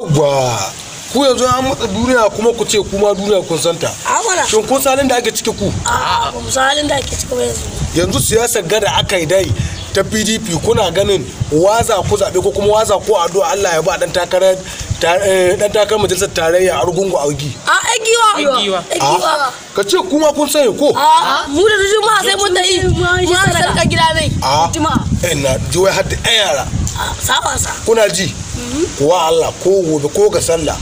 yawwa ku yanzu an matsa duniya kuma ku ce kuma duniya kun santa shin kun salin da ake ciki ku a'a ba mu salin da ake ciki yanzu yanzu siyasar gada aka yi dai ta pdp kuna ganin waza ku zaɓe ko kuma waza ko addu'a allah ya ba dan takarar dan eh, takarar majalisar tarayya a rugungu a gi a giwa giwa ka ce kuma kun sani ko mu da su ma sai mun tafi mu sarka gida ne a ina jiwai har da yara saba sa kuna ji kuwa Allah ko gobe ko ga sallah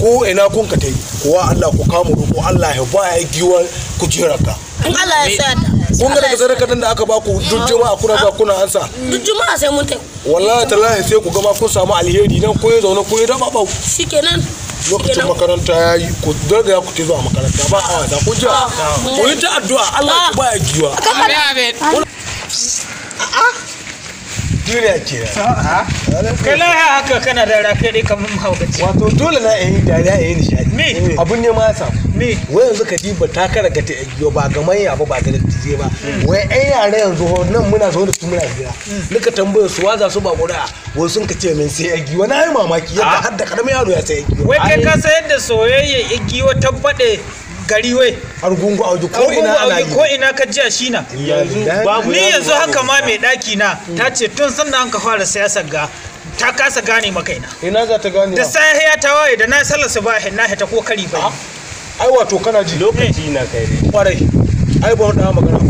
ko ina kun ka tai kuwa Allah ku kama ko Allah ya ba ya giwar kujerarka Allah ya sa kun ga ka sadakatan da aka ba ku duk juma'a kuna ba kuna ansa duk juma'a sai mun tai wallahi tallahi sai ku gama kun samu alheri nan ko ya zauna ko ya daba ba shikenan lokacin makaranta ya yi ku daga ya kuce zuwa makaranta ba a wasa ku ja ah, ku yi ta addu'a Allah ku ba ya giwa amin amin a'a ah, ah. duniya ke kai laya haka kana da rafe dai kamar mahaukaci wato dole na yi dariya yi nishadi me eh, abun ne ma ya samu me wai yanzu ka diba ta kara ka yo ba ga manya ba ba ga dattije ba hmm. wai ɗan yare yanzu nan muna zo da su muna hira hmm. nika tambaya su waza su ba ƙuri'a wai sun ka ce min sai igi wani ayi mamaki yadda ah. har da karamin yaro ya sai igi wai kai ka sayar da soyayya igi wa tabbade gari wai argungu audu ko ina ana yi ko ina ka ji shi na yanzu ni yanzu haka ma mai daki na ta ce tun sannan an ka fara siyasar ga ta kasa gane makaina ina za ta gane da sai ya waye da na sallasa ba na ta ko kari ba ah, ai wato kana ji lokaci na kai ne kwarai ai ba wanda magana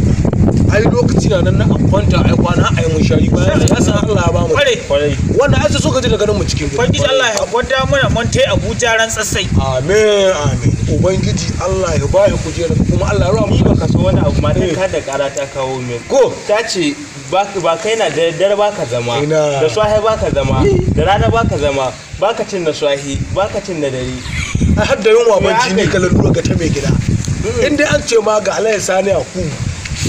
ai lokaci na nan na kwanta ai kwana ai mun shari bayan ya san Allah ya ba mu kwarai wanda ai ka ji daga nan mu cikin kwarai Allah ya gwada mana mun tai Abuja ran tsatsai amin amin ubangiji Allah ya ba ya kujera kuma Allah ruwa mu baka so wani abu matan ka eh. da kara ta kawo me go ta ce ba kai na da dare baka zama da swahi baka zama da rana baka zama baka cin na swahi baka cin na dare a hadda yunwa ban ji ne kalar lura ga ta mai gida in dai an ce ma ga ya sani a ku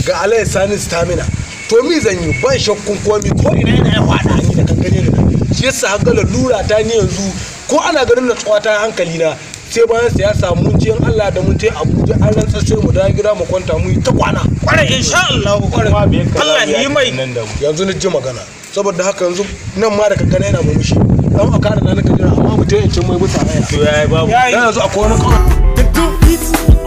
ga ya sani stamina to mi zan yi ban shakkun komi ko ina yana ya faɗa ni da kankare da shi yasa ga lura ta ne yanzu ko ana ganin natsuwa ta hankali na sai bayan siyasa mun je Allah da mun tai Abuja an rantsar sai mu dawo gida mu kwanta mu yi ta kwana kware insha Allah kwarai Allah yi mai yanzu ni ji magana saboda haka yanzu nan ma da kankana yana murmushi dan a kara na naka jira amma mu je in cin mai mutane to yayi babu yanzu akwai wani kawai